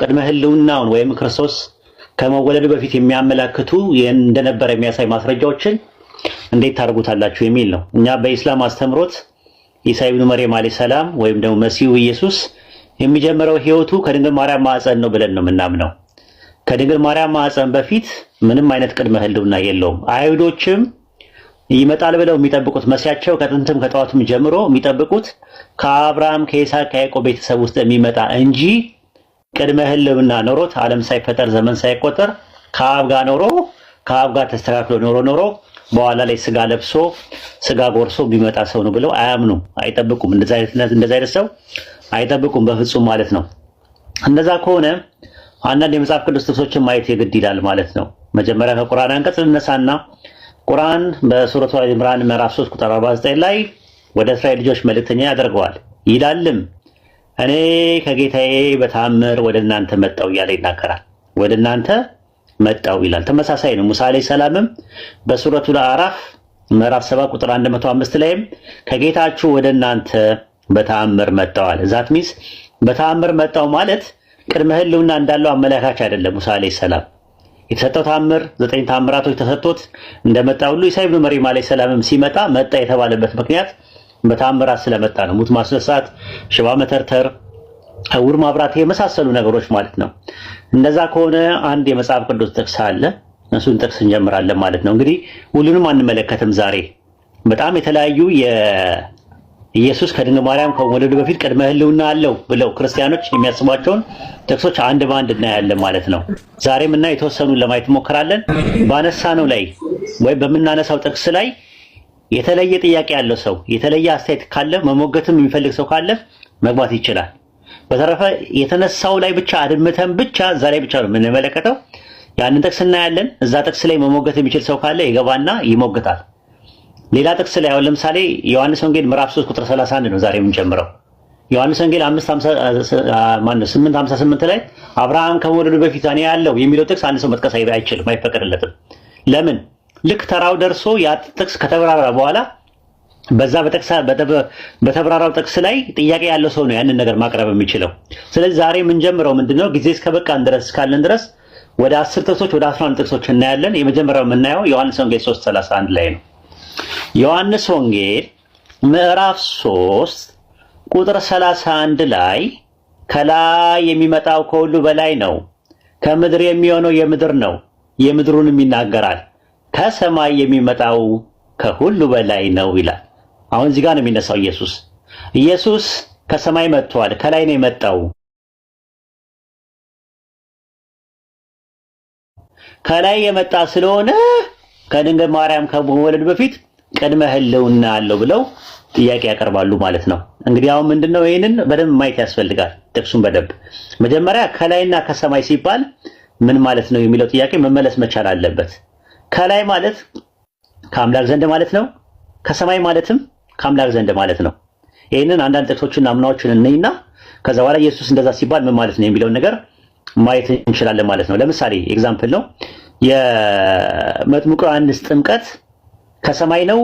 ቅድመ ህልውናውን ወይም ክርስቶስ ከመወለዱ በፊት የሚያመላክቱ እንደነበረ የሚያሳይ ማስረጃዎችን እንዴት ታደርጉታላችሁ የሚል ነው። እኛ በኢስላም አስተምሮት ኢሳ ኢብኑ መርየም ዓለይሂ ሰላም ወይም ደግሞ መሲሁ ኢየሱስ የሚጀምረው ህይወቱ ከድንግል ማርያም ማዕፀን ነው ብለን ነው የምናምነው። ከድንግል ማርያም ማዕፀን በፊት ምንም አይነት ቅድመ ህልውና የለውም። አይሁዶችም ይመጣል ብለው የሚጠብቁት መሲያቸው ከጥንትም ከጠዋቱም ጀምሮ የሚጠብቁት ከአብርሃም ከይስሐቅ ከያዕቆብ ቤተሰብ ውስጥ የሚመጣ እንጂ ቅድመ ህልምና ኖሮት ዓለም ሳይፈጠር ዘመን ሳይቆጠር ከአብ ጋር ኖሮ ከአብ ጋር ተስተካክሎ ኖሮ ኖሮ በኋላ ላይ ስጋ ለብሶ ስጋ ጎርሶ ቢመጣ ሰው ነው ብለው አያምኑም፣ አይጠብቁም። እንደዚ አይነት ሰው አይጠብቁም በፍጹም ማለት ነው። እንደዛ ከሆነ አንዳንድ የመጽሐፍ ቅዱስ ጥቅሶችን ማየት የግድ ይላል ማለት ነው። መጀመሪያ ከቁርአን አንቀጽ ልነሳና ቁርአን በሱረቱ አል ኢምራን ምዕራፍ 3 ቁጥር 49 ላይ ወደ እስራኤል ልጆች መልእክተኛ ያደርገዋል ይላልም እኔ ከጌታዬ በተአምር ወደ እናንተ መጣው እያለ ይናገራል። ወደ እናንተ መጣው ይላል። ተመሳሳይ ነው። ሙሳ ዓለይሂ ሰላምም በሱረቱ ለአራፍ ምዕራፍ 7 ቁጥር 105 ላይም ከጌታችሁ ወደ እናንተ በተአምር መጣዋል። ዛት ሚስ በተአምር መጣው ማለት ቅድመ ህልውና እንዳለው አመላካች አይደለም። ሙሳ ዓለይሂ ሰላም የተሰጠው ተአምር ዘጠኝ ተአምራቶች ተሰጥቶት እንደመጣ ሁሉ ኢሳ ኢብኑ መርየም ዓለይሂ ሰላምም ሲመጣ መጣ የተባለበት ምክንያት በታምራት ስለመጣ ነው። ሙት ማስነሳት፣ ሽባ መተርተር፣ እውር ማብራት የመሳሰሉ ነገሮች ማለት ነው። እንደዛ ከሆነ አንድ የመጽሐፍ ቅዱስ ጥቅስ አለ። እሱን ጥቅስ እንጀምራለን ማለት ነው። እንግዲህ ሁሉንም አንመለከትም ዛሬ በጣም የተለያዩ ኢየሱስ ከድንግል ማርያም ከመወለዱ በፊት ቅድመ ህልውና አለው ብለው ክርስቲያኖች የሚያስቧቸውን ጥቅሶች አንድ በአንድ እናያለን ማለት ነው። ዛሬም እና የተወሰኑ ለማየት እንሞክራለን። ነው ላይ ወይም በምናነሳው ጥቅስ ላይ የተለየ ጥያቄ ያለው ሰው የተለየ አስተያየት ካለ መሞገትም የሚፈልግ ሰው ካለ መግባት ይችላል። በተረፈ የተነሳው ላይ ብቻ አድምተን ብቻ እዛ ላይ ብቻ ነው የምንመለከተው። ያንን ጥቅስ እናያለን። እዛ ጥቅስ ላይ መሞገት የሚችል ሰው ካለ ይገባና ይሞግታል። ሌላ ጥቅስ ላይ አሁን ለምሳሌ ዮሐንስ ወንጌል ምዕራፍ 3 ቁጥር 31 ነው ዛሬ የምንጀምረው። ዮሐንስ ወንጌል 8:58 ላይ አብርሃም ከመወለዱ በፊት እኔ ያለው የሚለው ጥቅስ አንድ ሰው መጥቀስ አይችልም፣ አይፈቀድለትም። ለምን? ልክ ተራው ደርሶ ያ ጥቅስ ከተብራራ በኋላ በዛ በተብራራው ጥቅስ ላይ ጥያቄ ያለው ሰው ነው ያንን ነገር ማቅረብ የሚችለው። ስለዚህ ዛሬ የምንጀምረው ምንድነው ጊዜ እስከበቃን ድረስ እስካለን ድረስ ወደ አስር ጥቅሶች ወደ 11 ጥቅሶች እናያለን። የመጀመሪያው የምናየው ዮሐንስ ወንጌል 3:31 ላይ ነው። ዮሐንስ ወንጌል ምዕራፍ 3 ቁጥር 31 ላይ ከላይ የሚመጣው ከሁሉ በላይ ነው፣ ከምድር የሚሆነው የምድር ነው፣ የምድሩንም ይናገራል ከሰማይ የሚመጣው ከሁሉ በላይ ነው ይላል። አሁን እዚህ ጋር ነው የሚነሳው ኢየሱስ። ኢየሱስ ከሰማይ መጥቷል፣ ከላይ ነው የመጣው። ከላይ የመጣ ስለሆነ ከድንግል ማርያም ከመወለድ በፊት ቅድመ ህልውና አለው ብለው ጥያቄ ያቀርባሉ ማለት ነው። እንግዲህ አሁን ምንድነው ይሄንን በደንብ ማየት ያስፈልጋል። ጥቅሱን በደንብ መጀመሪያ ከላይና ከሰማይ ሲባል ምን ማለት ነው የሚለው ጥያቄ መመለስ መቻል አለበት። ከላይ ማለት ከአምላክ ዘንድ ማለት ነው። ከሰማይ ማለትም ከአምላክ ዘንድ ማለት ነው። ይህንን አንዳንድ ጥቅሶችን አምናዎችን እንይና ከዛ በኋላ ኢየሱስ እንደዛ ሲባል ምን ማለት ነው የሚለውን ነገር ማየት እንችላለን ማለት ነው። ለምሳሌ ኤግዛምፕል ነው የመጥምቁ ዮሐንስ ጥምቀት ከሰማይ ነው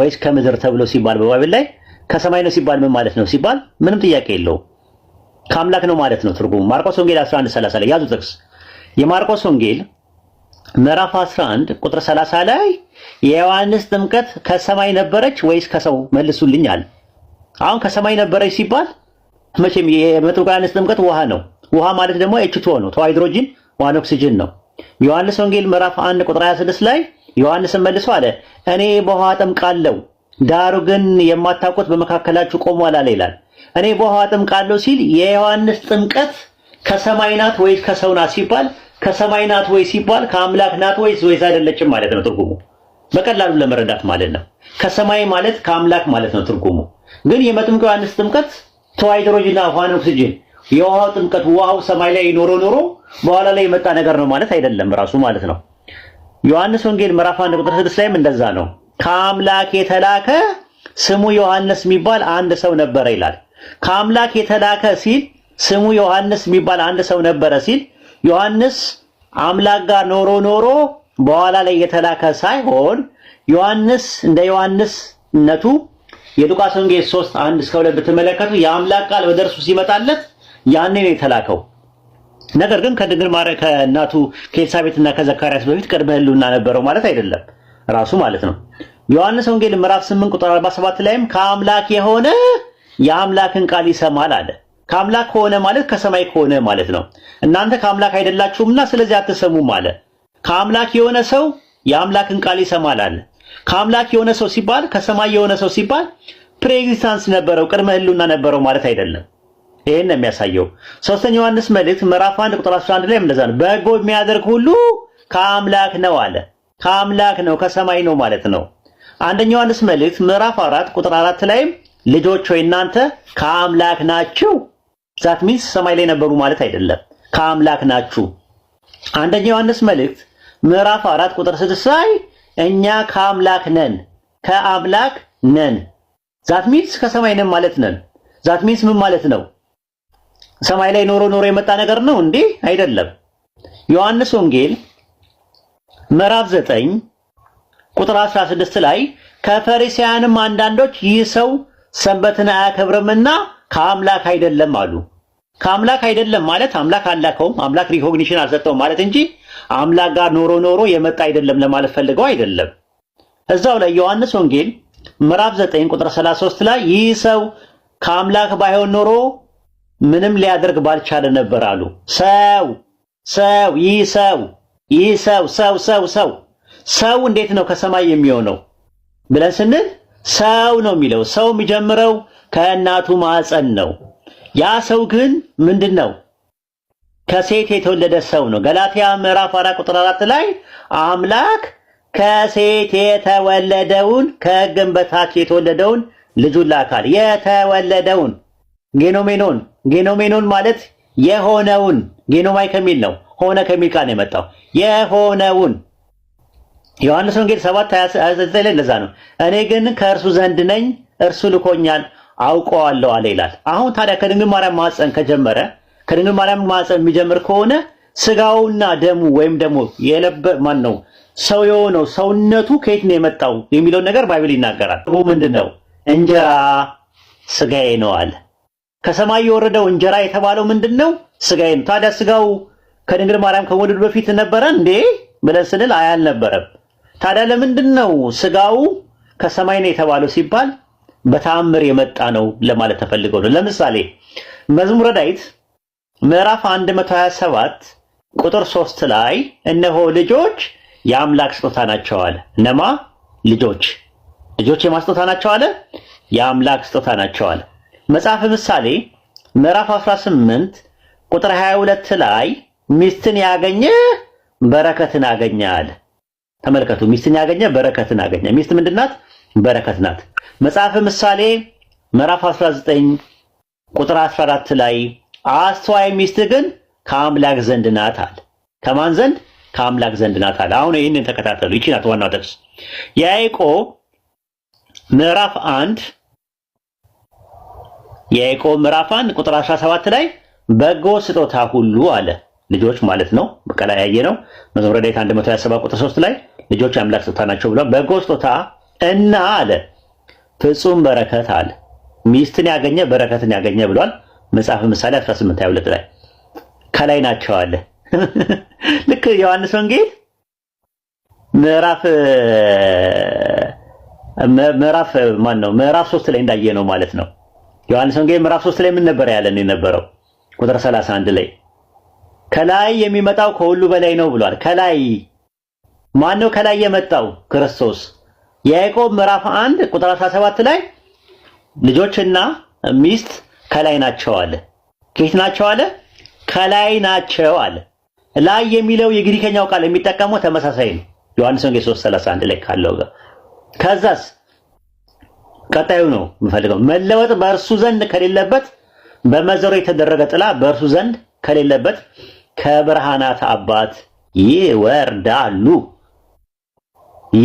ወይስ ከምድር ተብሎ ሲባል በባይብል ላይ ከሰማይ ነው ሲባል ምን ማለት ነው ሲባል ምንም ጥያቄ የለው ከአምላክ ነው ማለት ነው ትርጉሙ። ማርቆስ ወንጌል 11:30 ላይ ያዙ ጥቅስ የማርቆስ ወንጌል ምዕራፍ 11 ቁጥር 30 ላይ የዮሐንስ ጥምቀት ከሰማይ ነበረች ወይስ ከሰው መልሱልኝ አለ። አሁን ከሰማይ ነበረች ሲባል መቼም የመጥምቁ ዮሐንስ ጥምቀት ውሃ ነው። ውሃ ማለት ደግሞ ኤችቱ ነው፣ ተዋ ሃይድሮጂን ዋን ኦክሲጅን ነው። ዮሐንስ ወንጌል ምዕራፍ 1 ቁጥር 26 ላይ ዮሐንስን መልሶ አለ እኔ በውሃ ጠምቃለሁ ዳሩ ግን የማታውቁት በመካከላችሁ ቆሟል አለ ይላል። እኔ በውሃ አጠምቃለሁ ሲል የዮሐንስ ጥምቀት ከሰማይ ናት ወይስ ከሰው ናት ሲባል ከሰማይ ናት ወይ ሲባል ከአምላክ ናት ወይስ ወይስ አይደለችም ማለት ነው ትርጉሙ። በቀላሉ ለመረዳት ማለት ነው። ከሰማይ ማለት ከአምላክ ማለት ነው ትርጉሙ። ግን የመጥምቀ ዮሐንስ ጥምቀት ተዋይድሮጅና ውሃን ኦክሲጅን የውሃው ጥምቀት ውሃው ሰማይ ላይ ኖሮ ኖሮ በኋላ ላይ የመጣ ነገር ነው ማለት አይደለም ራሱ ማለት ነው። ዮሐንስ ወንጌል ምዕራፍ 1 ቁጥር 6 ላይም እንደዛ ነው። ከአምላክ የተላከ ስሙ ዮሐንስ የሚባል አንድ ሰው ነበረ ይላል። ከአምላክ የተላከ ሲል ስሙ ዮሐንስ የሚባል አንድ ሰው ነበረ ሲል ዮሐንስ አምላክ ጋር ኖሮ ኖሮ በኋላ ላይ የተላከ ሳይሆን ዮሐንስ እንደ ዮሐንስነቱ የሉቃስ ወንጌል 3 1 እስከ 2 ብትመለከቱ የአምላክ ቃል ወደ እርሱ ሲመጣለት ያኔ ነው የተላከው። ነገር ግን ከድንግል ማርያም ከእናቱ ከኤልሳቤጥና ከዘካርያስ በፊት ቅድመ ሕልውና ነበረው ማለት አይደለም፣ ራሱ ማለት ነው። ዮሐንስ ወንጌል ምዕራፍ 8 ቁጥር 47 ላይም ከአምላክ የሆነ የአምላክን ቃል ይሰማል አለ። ከአምላክ ከሆነ ማለት ከሰማይ ከሆነ ማለት ነው። እናንተ ከአምላክ አይደላችሁምና ስለዚህ አትሰሙም አለ። ከአምላክ የሆነ ሰው የአምላክን ቃል ይሰማል አለ። ከአምላክ የሆነ ሰው ሲባል ከሰማይ የሆነ ሰው ሲባል ፕሬኤግዚስታንስ ነበረው ቅድመ ህልውና ነበረው ማለት አይደለም። ይህን ነው የሚያሳየው። ሶስተኛ ዮሐንስ መልእክት ምዕራፍ 1 ቁጥር 11 ላይ እንደዛ ነው። በጎ የሚያደርግ ሁሉ ከአምላክ ነው አለ። ከአምላክ ነው ከሰማይ ነው ማለት ነው። አንደኛ ዮሐንስ መልእክት ምዕራፍ 4 ቁጥር 4 ላይም ልጆች ሆይ እናንተ ከአምላክ ናችሁ ዛት ሚንስ ሰማይ ላይ ነበሩ ማለት አይደለም። ከአምላክ ናችሁ። አንደኛ ዮሐንስ መልእክት ምዕራፍ አራት ቁጥር ስድስት ላይ እኛ ከአምላክ ነን ከአምላክ ነን። ዛት ሚንስ ከሰማይ ነን ማለት ነን። ዛት ሚንስ ምን ማለት ነው? ሰማይ ላይ ኖሮ ኖሮ የመጣ ነገር ነው እንዴ? አይደለም። ዮሐንስ ወንጌል ምዕራፍ ዘጠኝ ቁጥር 16 ላይ ከፈሪሳውያንም አንዳንዶች ይህ ሰው ሰንበትን አያከብርምና ከአምላክ አይደለም አሉ። ከአምላክ አይደለም ማለት አምላክ አላከውም፣ አምላክ ሪኮግኒሽን አልሰጠውም ማለት እንጂ አምላክ ጋር ኖሮ ኖሮ የመጣ አይደለም ለማለት ፈልገው አይደለም። እዛው ላይ ዮሐንስ ወንጌል ምዕራፍ 9 ቁጥር 33 ላይ ይህ ሰው ከአምላክ ባይሆን ኖሮ ምንም ሊያደርግ ባልቻለ ነበር አሉ። ሰው ሰው ይህ ሰው ይህ ሰው ሰው ሰው ሰው ሰው እንዴት ነው ከሰማይ የሚሆነው ብለን ስንል ሰው ነው የሚለው ሰው የሚጀምረው ከእናቱ ማህፀን ነው። ያ ሰው ግን ምንድን ነው? ከሴት የተወለደ ሰው ነው። ገላትያ ምዕራፍ አራት ቁጥር አራት ላይ አምላክ ከሴት የተወለደውን ከሕግም በታች የተወለደውን ልጁን ላካል። የተወለደውን ጌኖሜኖን ጌኖሜኖን ማለት የሆነውን ጌኖማይ ከሚል ነው ሆነ ከሚል ቃል ነው የመጣው የሆነውን ዮሐንስ ወንጌል 7 29 ላይ ለዛ ነው እኔ ግን ከእርሱ ዘንድ ነኝ እርሱ ልኮኛል አውቀዋለሁ አለ ይላል። አሁን ታዲያ ከድንግል ማርያም ማፀን ከጀመረ ከድንግል ማርያም ማፀን የሚጀምር ከሆነ ስጋውና ደሙ ወይም ደግሞ የለበ ማን ነው ሰው የሆነው ሰውነቱ ከየት ነው የመጣው የሚለውን ነገር ባይብል ይናገራል። ሩ ምንድን ነው እንጀራ ስጋዬ ነው አለ። ከሰማይ የወረደው እንጀራ የተባለው ምንድን ነው? ስጋዬ ነው። ታዲያ ስጋው ከድንግል ማርያም ከመወለዱ በፊት ነበረ እንዴ ብለን ስንል አያልነበረም። ታዲያ ለምንድን ነው ስጋው ከሰማይ ነው የተባለው ሲባል በተአምር የመጣ ነው ለማለት ተፈልገው ነው። ለምሳሌ መዝሙረ ዳዊት ምዕራፍ 127 ቁጥር 3 ላይ እነሆ ልጆች የአምላክ ስጦታ ናቸው አለ። እነማ ልጆች ልጆች የማስጦታ ናቸው አለ። የአምላክ ስጦታ ናቸው አለ። መጽሐፈ ምሳሌ ምዕራፍ 18 ቁጥር 22 ላይ ሚስትን ያገኘ በረከትን አገኘ አለ። ተመልከቱ። ሚስትን ያገኘ በረከትን አገኘ። ሚስት ምንድናት? በረከት ናት። መጽሐፈ ምሳሌ ምዕራፍ 19 ቁጥር 14 ላይ አስተዋይ ሚስት ግን ከአምላክ ዘንድ ናት አለ። ከማን ዘንድ? ከአምላክ ዘንድ ናት አለ። አሁን ይህንን ተከታተሉ። ይቺ ናት ዋናው ጥቅስ የያዕቆብ ምዕራፍ 1 የያዕቆብ ምዕራፍ 1 ቁጥር 17 ላይ በጎ ስጦታ ሁሉ አለ ልጆች ማለት ነው። በቀላ ያየ ነው መዝሙረ ዳዊት 127 ቁጥር 3 ላይ ልጆች አምላክ ስጦታ ናቸው ብሏል። በጎ ስጦታ እና አለ ፍጹም በረከት አለ ሚስትን ያገኘ በረከትን ያገኘ ብሏል። መጽሐፍ ምሳሌ 18 22 ላይ ከላይ ናቸው አለ። ልክ ዮሐንስ ወንጌል ምዕራፍ ምዕራፍ ማን ነው ምዕራፍ 3 ላይ እንዳየ ነው ማለት ነው። ዮሐንስ ወንጌል ምዕራፍ 3 ላይ ምን ነበር ያለን የነበረው? ቁጥር 31 ላይ ከላይ የሚመጣው ከሁሉ በላይ ነው ብሏል። ከላይ ነው ከላይ የመጣው? ክርስቶስ። የያዕቆብ ምዕራፍ 1 ቁጥር 17 ላይ ልጆችና ሚስት ከላይ ናቸው አለ። ከየት ናቸው አለ? ከላይ ናቸው አለ። ላይ የሚለው የግሪከኛው ቃል የሚጠቀመው ተመሳሳይ ነው። ዮሐንስ ወንጌል 31 ላይ ካለው ጋር። ከዛስ ቀጣዩ ነው የምፈልገው መለወጥ በእርሱ ዘንድ ከሌለበት በመዘሮ የተደረገ ጥላ በእርሱ ዘንድ ከሌለበት ከብርሃናት አባት ይወርዳሉ።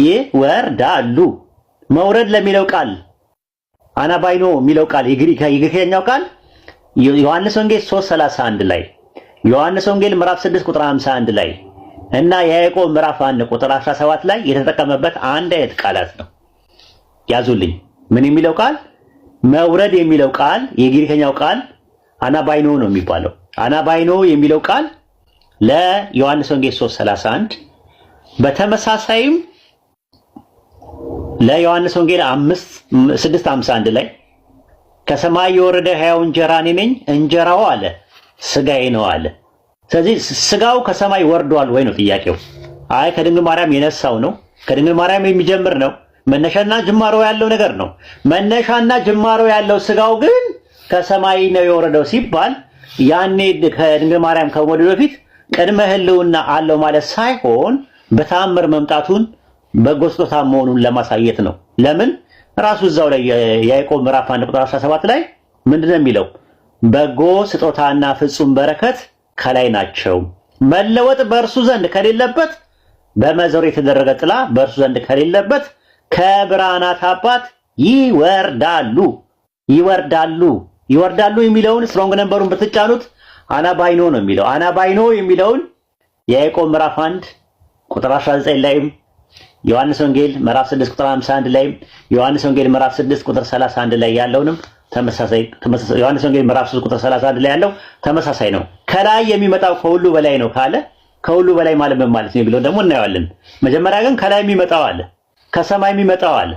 ይወርዳሉ። መውረድ ለሚለው ቃል አናባይኖ የሚለው ቃል የግሪክኛው ቃል ዮሐንስ ወንጌል 3:31 ላይ ዮሐንስ ወንጌል ምዕራፍ 6 ቁጥር 51 ላይ እና የያዕቆብ ምዕራፍ 1 ቁጥር 17 ላይ የተጠቀመበት አንድ አይነት ቃላት ነው። ያዙልኝ። ምን የሚለው ቃል መውረድ የሚለው ቃል የግሪከኛው ቃል አናባይኖ ነው የሚባለው። አናባይኖ የሚለው ቃል ለዮሐንስ ወንጌል 3:31 በተመሳሳይም ለዮሐንስ ወንጌል 5 651 ላይ ከሰማይ የወረደ ሕያው እንጀራ እኔ ነኝ፣ እንጀራው አለ ስጋዬ ነው አለ። ስለዚህ ስጋው ከሰማይ ወርዷል ወይ ነው ጥያቄው። አይ ከድንግል ማርያም የነሳው ነው፣ ከድንግል ማርያም የሚጀምር ነው። መነሻና ጅማሮ ያለው ነገር ነው። መነሻና ጅማሮ ያለው ስጋው ግን ከሰማይ ነው የወረደው ሲባል ያኔ ከድንግል ማርያም ከመወለዱ በፊት ቅድመ ህልውና አለው ማለት ሳይሆን በተአምር መምጣቱን በጎ ስጦታ መሆኑን ለማሳየት ነው። ለምን ራሱ እዛው ላይ የያዕቆብ ምዕራፍ 1 ቁጥር 17 ላይ ምንድነው የሚለው? በጎ ስጦታና ፍጹም በረከት ከላይ ናቸው፣ መለወጥ በእርሱ ዘንድ ከሌለበት፣ በመዘሩ የተደረገ ጥላ በእርሱ ዘንድ ከሌለበት ከብርሃናት አባት ይወርዳሉ ይወርዳሉ ይወርዳሉ የሚለውን ስትሮንግ ነምበሩን ብትጫኑት አናባይኖ ነው የሚለው። አናባይኖ የሚለውን የያዕቆብ ምዕራፍ 1 ቁጥር 19 ላይም ዮሐንስ ወንጌል ምዕራፍ 6 ቁጥር 51 ላይ ዮሐንስ ወንጌል ምዕራፍ 6 ቁጥር 31 ላይ ያለውንም ተመሳሳይ ተመሳሳይ ዮሐንስ ወንጌል ምዕራፍ 6 ቁጥር 31 ላይ ያለው ተመሳሳይ ነው። ከላይ የሚመጣው ከሁሉ በላይ ነው ካለ ከሁሉ በላይ ማለት ምን ማለት ነው ብለው ደግሞ እናየዋለን። መጀመሪያ ግን ከላይ የሚመጣው አለ፣ ከሰማይ የሚመጣው አለ።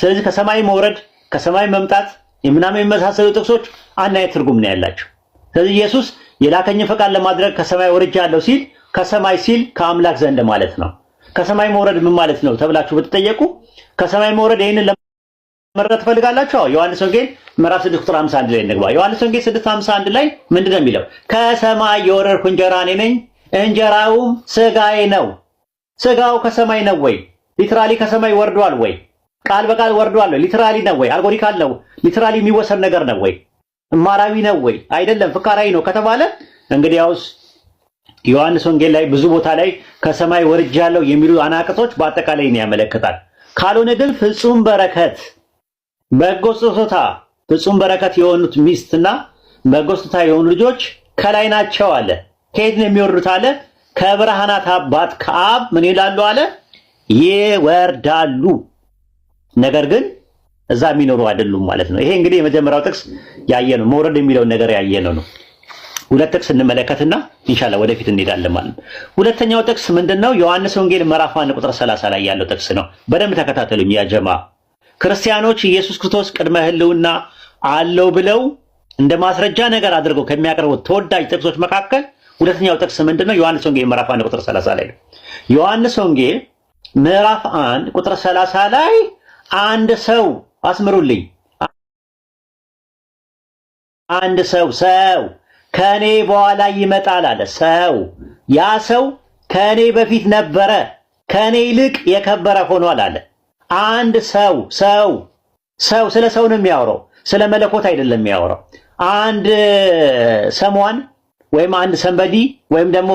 ስለዚህ ከሰማይ መውረድ፣ ከሰማይ መምጣት ምናምን የሚመሳሰሉ ጥቅሶች አንድ አይነት ትርጉም ነው ያላቸው። ስለዚህ ኢየሱስ የላከኝ ፈቃድ ለማድረግ ከሰማይ ወርጃለሁ ሲል ከሰማይ ሲል ከአምላክ ዘንድ ማለት ነው። ከሰማይ መውረድ ምን ማለት ነው ተብላችሁ ብትጠየቁ ከሰማይ መውረድ ይህንን ለመረዳት ትፈልጋላችሁ? አዎ ዮሐንስ ወንጌል ምዕራፍ 6 ቁጥር 51 ላይ እንግባ። ዮሐንስ ወንጌል 6 51 ላይ ምንድን ነው የሚለው? ከሰማይ የወረድኩ እንጀራ እኔ ነኝ፣ እንጀራውም ስጋዬ ነው። ስጋው ከሰማይ ነው ወይ? ሊትራሊ ከሰማይ ወርዷል ወይ? ቃል በቃል ወርዷል ወይ? ሊትራሊ ነው ወይ? አልጎሪካል ነው? ሊትራሊ የሚወሰድ ነገር ነው ወይ? ማራዊ ነው ወይ? አይደለም፣ ፍካራዊ ነው ከተባለ እንግዲያውስ ዮሐንስ ወንጌል ላይ ብዙ ቦታ ላይ ከሰማይ ወርጃለሁ የሚሉ አናቅቶች በአጠቃላይ ነው ያመለክታል። ካልሆነ ግን ፍጹም በረከት በጎ ስጦታ ፍጹም በረከት የሆኑት ሚስትና በጎ ስጦታ የሆኑ ልጆች ከላይ ናቸው አለ። ከየት ነው የሚወርዱት አለ? ከብርሃናት አባት ከአብ ምን ይላሉ አለ? ይወርዳሉ። ነገር ግን እዛ የሚኖሩ አይደሉም ማለት ነው። ይሄ እንግዲህ የመጀመሪያው ጥቅስ ያየ ነው። መውረድ የሚለውን ነገር ያየ ነው ነው ሁለት ጥቅስ እንመለከትና ኢንሻላ ወደፊት እንሄዳለን ማለት ነው። ሁለተኛው ጥቅስ ምንድነው? ዮሐንስ ወንጌል ምዕራፍ 1 ቁጥር 30 ላይ ያለው ጥቅስ ነው። በደንብ ተከታተሉኝ ያ ጀማ ክርስቲያኖች ኢየሱስ ክርስቶስ ቅድመ ህልውና አለው ብለው እንደ ማስረጃ ነገር አድርገው ከሚያቀርቡት ተወዳጅ ጥቅሶች መካከል ሁለተኛው ጥቅስ ምንድነው? ዮሐንስ ወንጌል ምዕራፍ 1 ቁጥር 30 ላይ ነው። ዮሐንስ ወንጌል ምዕራፍ 1 ቁጥር 30 ላይ አንድ ሰው አስምሩልኝ፣ አንድ ሰው ሰው ከእኔ በኋላ ይመጣል አለ ሰው። ያ ሰው ከእኔ በፊት ነበረ፣ ከእኔ ይልቅ የከበረ ሆኗል አለ። አንድ ሰው ሰው ሰው ስለ ሰው ነው የሚያወራው፣ ስለ መለኮት አይደለም የሚያወራው። አንድ ሰሟን ወይም አንድ ሰንበዲ ወይም ደግሞ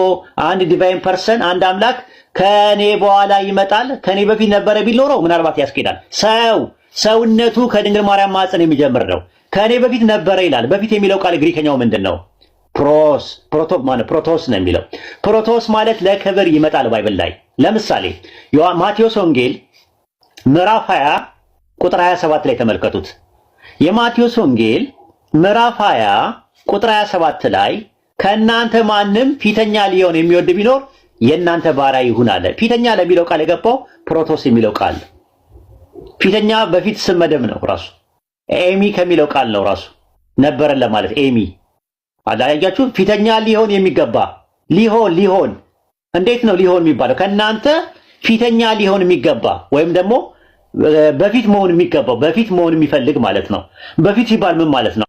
አንድ ዲቫይን ፐርሰን አንድ አምላክ ከእኔ በኋላ ይመጣል ከእኔ በፊት ነበረ ቢል ኖሮ ምናልባት ያስኬዳል። ሰው ሰውነቱ ከድንግል ማርያም ማህፀን የሚጀምር ነው። ከእኔ በፊት ነበረ ይላል። በፊት የሚለው ቃል ግሪከኛው ምንድን ነው? ፕሮስ ፕሮቶ ማለት ፕሮቶስ ነው የሚለው ፕሮቶስ ማለት ለክብር ይመጣል ባይብል ላይ ለምሳሌ ማቴዎስ ወንጌል ምዕራፍ 20 ቁጥር 27 ላይ ተመልከቱት የማቴዎስ ወንጌል ምዕራፍ 20 ቁጥር 27 ላይ ከእናንተ ማንም ፊተኛ ሊሆን የሚወድ ቢኖር የእናንተ ባሪያ ይሁን አለ ፊተኛ ለሚለው ቃል የገባው ፕሮቶስ የሚለው ቃል ፊተኛ በፊት ስም መደብ ነው ራሱ ኤሚ ከሚለው ቃል ነው ራሱ ነበረን ለማለት ኤሚ አላያችሁ? ፊተኛ ሊሆን የሚገባ ሊሆን ሊሆን እንዴት ነው ሊሆን የሚባለው? ከእናንተ ፊተኛ ሊሆን የሚገባ ወይም ደግሞ በፊት መሆን የሚገባው በፊት መሆን የሚፈልግ ማለት ነው። በፊት ሲባል ምን ማለት ነው?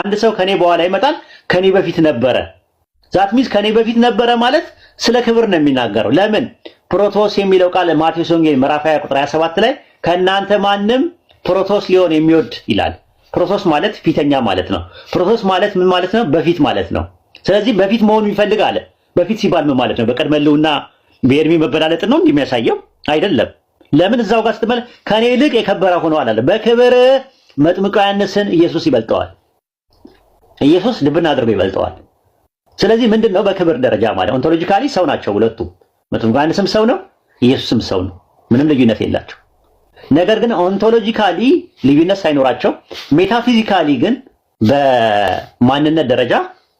አንድ ሰው ከኔ በኋላ ይመጣል፣ ከኔ በፊት ነበረ። ዛት ሚስ ከኔ በፊት ነበረ ማለት ስለ ክብር ነው የሚናገረው። ለምን ፕሮቶስ የሚለው ቃል ማቴዎስ ወንጌል ምዕራፍ 20 ቁጥር 27 ላይ ከእናንተ ማንም ፕሮቶስ ሊሆን የሚወድ ይላል። ፕሮሰስ ማለት ፊተኛ ማለት ነው። ፕሮሰስ ማለት ምን ማለት ነው? በፊት ማለት ነው። ስለዚህ በፊት መሆኑ ይፈልግ አለ። በፊት ሲባል ምን ማለት ነው? በቀድመ ሕልውና በእድሜ መበላለጥ ነው እንደሚያሳየው አይደለም። ለምን እዛው ጋር ስትመለ ከኔ ይልቅ የከበረ ሆነዋል አለ። በክብር መጥምቀ ዮሐንስን ኢየሱስ ይበልጠዋል። ኢየሱስ ልብና አድርጎ ይበልጠዋል። ስለዚህ ምንድን ነው በክብር ደረጃ ማለት ኦንቶሎጂካሊ ሰው ናቸው ሁለቱም። መጥምቀ ዮሐንስም ሰው ነው፣ ኢየሱስም ሰው ነው። ምንም ልዩነት የላቸው። ነገር ግን ኦንቶሎጂካሊ ልዩነት ሳይኖራቸው ሜታፊዚካሊ ግን በማንነት ደረጃ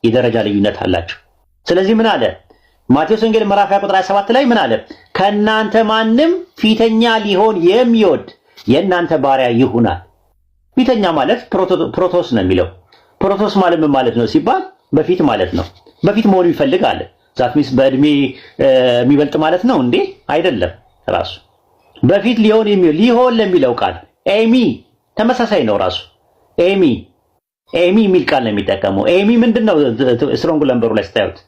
የደረጃ ልዩነት አላቸው። ስለዚህ ምን አለ ማቴዎስ ወንጌል ምዕራፍ 2 ቁጥር 27 ላይ ምን አለ? ከእናንተ ማንም ፊተኛ ሊሆን የሚወድ የእናንተ ባሪያ ይሁናል። ፊተኛ ማለት ፕሮቶስ ነው የሚለው ፕሮቶስ ማለት ምን ማለት ነው ሲባል በፊት ማለት ነው። በፊት መሆኑ ይፈልጋል። ዛት በእድሜ የሚበልጥ ማለት ነው እንዴ? አይደለም ራሱ በፊት ሊሆን የሚል ሊሆን ለሚለው ቃል ኤሚ ተመሳሳይ ነው። ራሱ ኤሚ ኤሚ የሚል ቃል ነው የሚጠቀመው። ኤሚ ምንድን ነው? ስትሮንግ ለምበሩ ላይ ስታዩት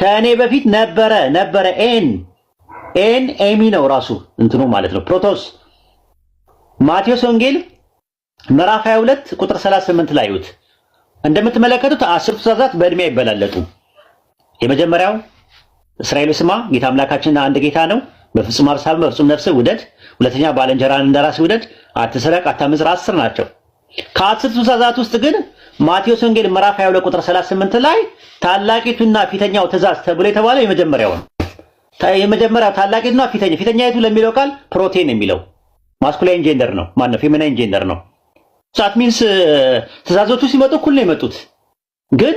ከእኔ በፊት ነበረ ነበረ ኤን ኤን ኤሚ ነው ራሱ እንትኑ ማለት ነው። ፕሮቶስ ማቴዎስ ወንጌል ምዕራፍ 22 ቁጥር 38 ላይ ዩት እንደምትመለከቱት አስርቱ ትእዛዛት በእድሜ አይበላለጡም። የመጀመሪያው እስራኤል ስማ፣ ጌታ አምላካችን አንድ ጌታ ነው። በፍጹም አብሳል በፍጹም ነፍስ ውደድ። ሁለተኛ ባልንጀራን እንደራስ ውደድ። አትስረቅ፣ አታመንዝር አስር ናቸው። ከአስርቱ ትእዛዛት ውስጥ ግን ማቴዎስ ወንጌል ምዕራፍ 22 ቁጥር 38 ላይ ታላቂቱና ፊተኛው ትእዛዝ ተብሎ የተባለው የመጀመሪያው ነው። የመጀመሪያው ታላቂቱና ፊተኛ ፊተኛይቱ ለሚለው ቃል ፕሮቴን የሚለው ማስኩላይን ጄንደር ነው። ማነው ፌሚናይን ጄንደር ነው። ሳት ሚንስ uh, ትእዛዞቹ ሲመጡ እኩል ነው የመጡት። ግን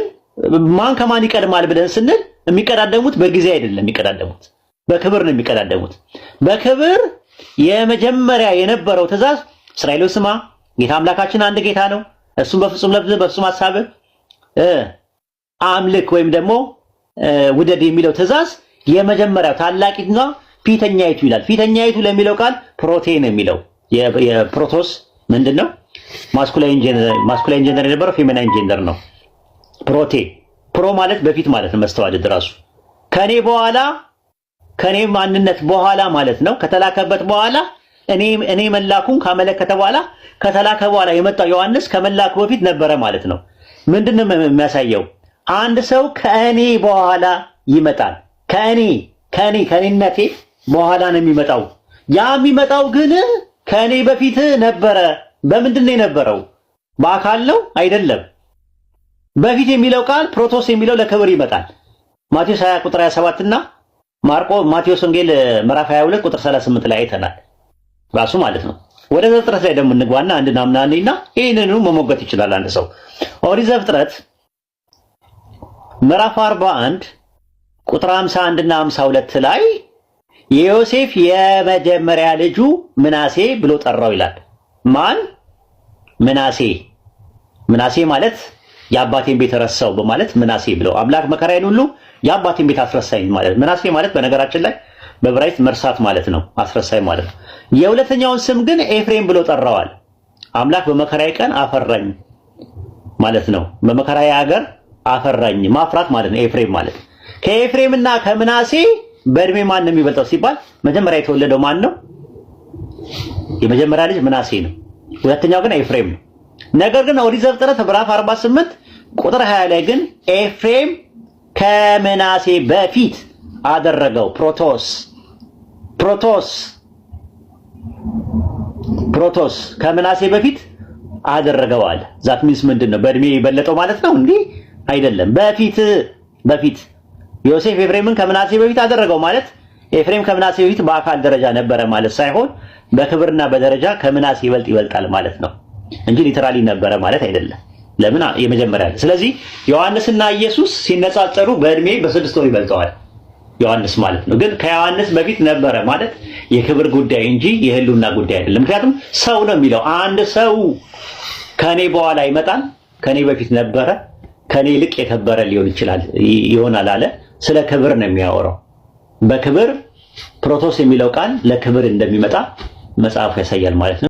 ማን ከማን ይቀድማል ብለን ስንል የሚቀዳደሙት በጊዜ አይደለም የሚቀዳደሙት በክብር ነው የሚቀዳደሙት። በክብር የመጀመሪያ የነበረው ትእዛዝ እስራኤል ስማ፣ ጌታ አምላካችን አንድ ጌታ ነው፣ እሱም በፍጹም ልብ በፍጹም ሐሳብ አምልክ ወይም ደግሞ ውደድ የሚለው ትእዛዝ የመጀመሪያው ታላቂቷ ፊተኛይቱ ይላል። ፊተኛይቱ ለሚለው ቃል ፕሮቴን የሚለው የፕሮቶስ ምንድን ነው? ማስኩላይን ጀነር ማስኩላይን የነበረው ፌሚናይን ጀነር ነው። ፕሮቴ ፕሮ ማለት በፊት ማለት ነው። መስተዋደድ ራሱ ከኔ በኋላ ከእኔ ማንነት በኋላ ማለት ነው ከተላከበት በኋላ እኔ እኔ መላኩን ካመለከተ በኋላ ከተላከ በኋላ የመጣው ዮሐንስ ከመላኩ በፊት ነበረ ማለት ነው። ምንድን ነው የሚያሳየው? አንድ ሰው ከእኔ በኋላ ይመጣል። ከእኔ ከእኔ ከእኔነቴ በኋላ ነው የሚመጣው። ያ የሚመጣው ግን ከእኔ በፊት ነበረ። በምንድን ነው የነበረው? በአካል ነው አይደለም። በፊት የሚለው ቃል ፕሮቶስ የሚለው ለክብር ይመጣል። ማቴዎስ 20 ቁጥር 27 እና ማርቆ ማቴዎስ ወንጌል ምዕራፍ 22 ቁጥር 38 ላይ አይተናል። ራሱ ማለት ነው። ወደ ዘፍጥረት ላይ ደግሞ እንግባና አንድ ናምናኔና ይህንኑ መሞገት ይችላል አንድ ሰው። ኦሪት ዘፍጥረት ምዕራፍ 41 ቁጥር 51 እና 52 ላይ የዮሴፍ የመጀመሪያ ልጁ ምናሴ ብሎ ጠራው ይላል። ማን ምናሴ? ምናሴ ማለት የአባቴን ቤት ረሳው በማለት ምናሴ ብለው አምላክ መከራዬን ሁሉ የአባቴን ቤት አስረሳኝ ማለት ምናሴ ማለት በነገራችን ላይ በብራይት መርሳት ማለት ነው፣ አስረሳኝ ማለት ነው። የሁለተኛውን ስም ግን ኤፍሬም ብሎ ጠራዋል። አምላክ በመከራዬ ቀን አፈራኝ ማለት ነው። በመከራዬ ሀገር አፈራኝ ማፍራት ማለት ነው ኤፍሬም ማለት። ከኤፍሬምና ከምናሴ በእድሜ ማን ነው የሚበልጠው ሲባል መጀመሪያ የተወለደው ማን ነው? የመጀመሪያ ልጅ ምናሴ ነው። ሁለተኛው ግን ኤፍሬም ነው። ነገር ግን ኦሪት ዘፍጥረት ምዕራፍ 48 ቁጥር 20 ላይ ግን ኤፍሬም ከምናሴ በፊት አደረገው። ፕሮቶስ ፕሮቶስ ፕሮቶስ ከምናሴ በፊት አደረገዋል። ዛት ሚንስ ምንድን ነው? በእድሜ የበለጠው ማለት ነው? እንዲህ አይደለም። በፊት በፊት ዮሴፍ ኤፍሬምን ከምናሴ በፊት አደረገው ማለት ኤፍሬም ከምናሴ በፊት በአካል ደረጃ ነበረ ማለት ሳይሆን በክብርና በደረጃ ከምናሴ ይበልጥ ይበልጣል ማለት ነው። እንጂ ሊተራሊ ነበረ ማለት አይደለም። ለምን የመጀመሪያ ስለዚህ ዮሐንስና ኢየሱስ ሲነጻጸሩ በእድሜ በስድስት ወር ይበልጠዋል ዮሐንስ ማለት ነው። ግን ከዮሐንስ በፊት ነበረ ማለት የክብር ጉዳይ እንጂ የህልውና ጉዳይ አይደለም። ምክንያቱም ሰው ነው የሚለው አንድ ሰው ከኔ በኋላ ይመጣል፣ ከኔ በፊት ነበረ፣ ከኔ ይልቅ የከበረ ሊሆን ይችላል ይሆናል አለ። ስለ ክብር ነው የሚያወራው። በክብር ፕሮቶስ የሚለው ቃል ለክብር እንደሚመጣ መጽሐፉ ያሳያል ማለት ነው።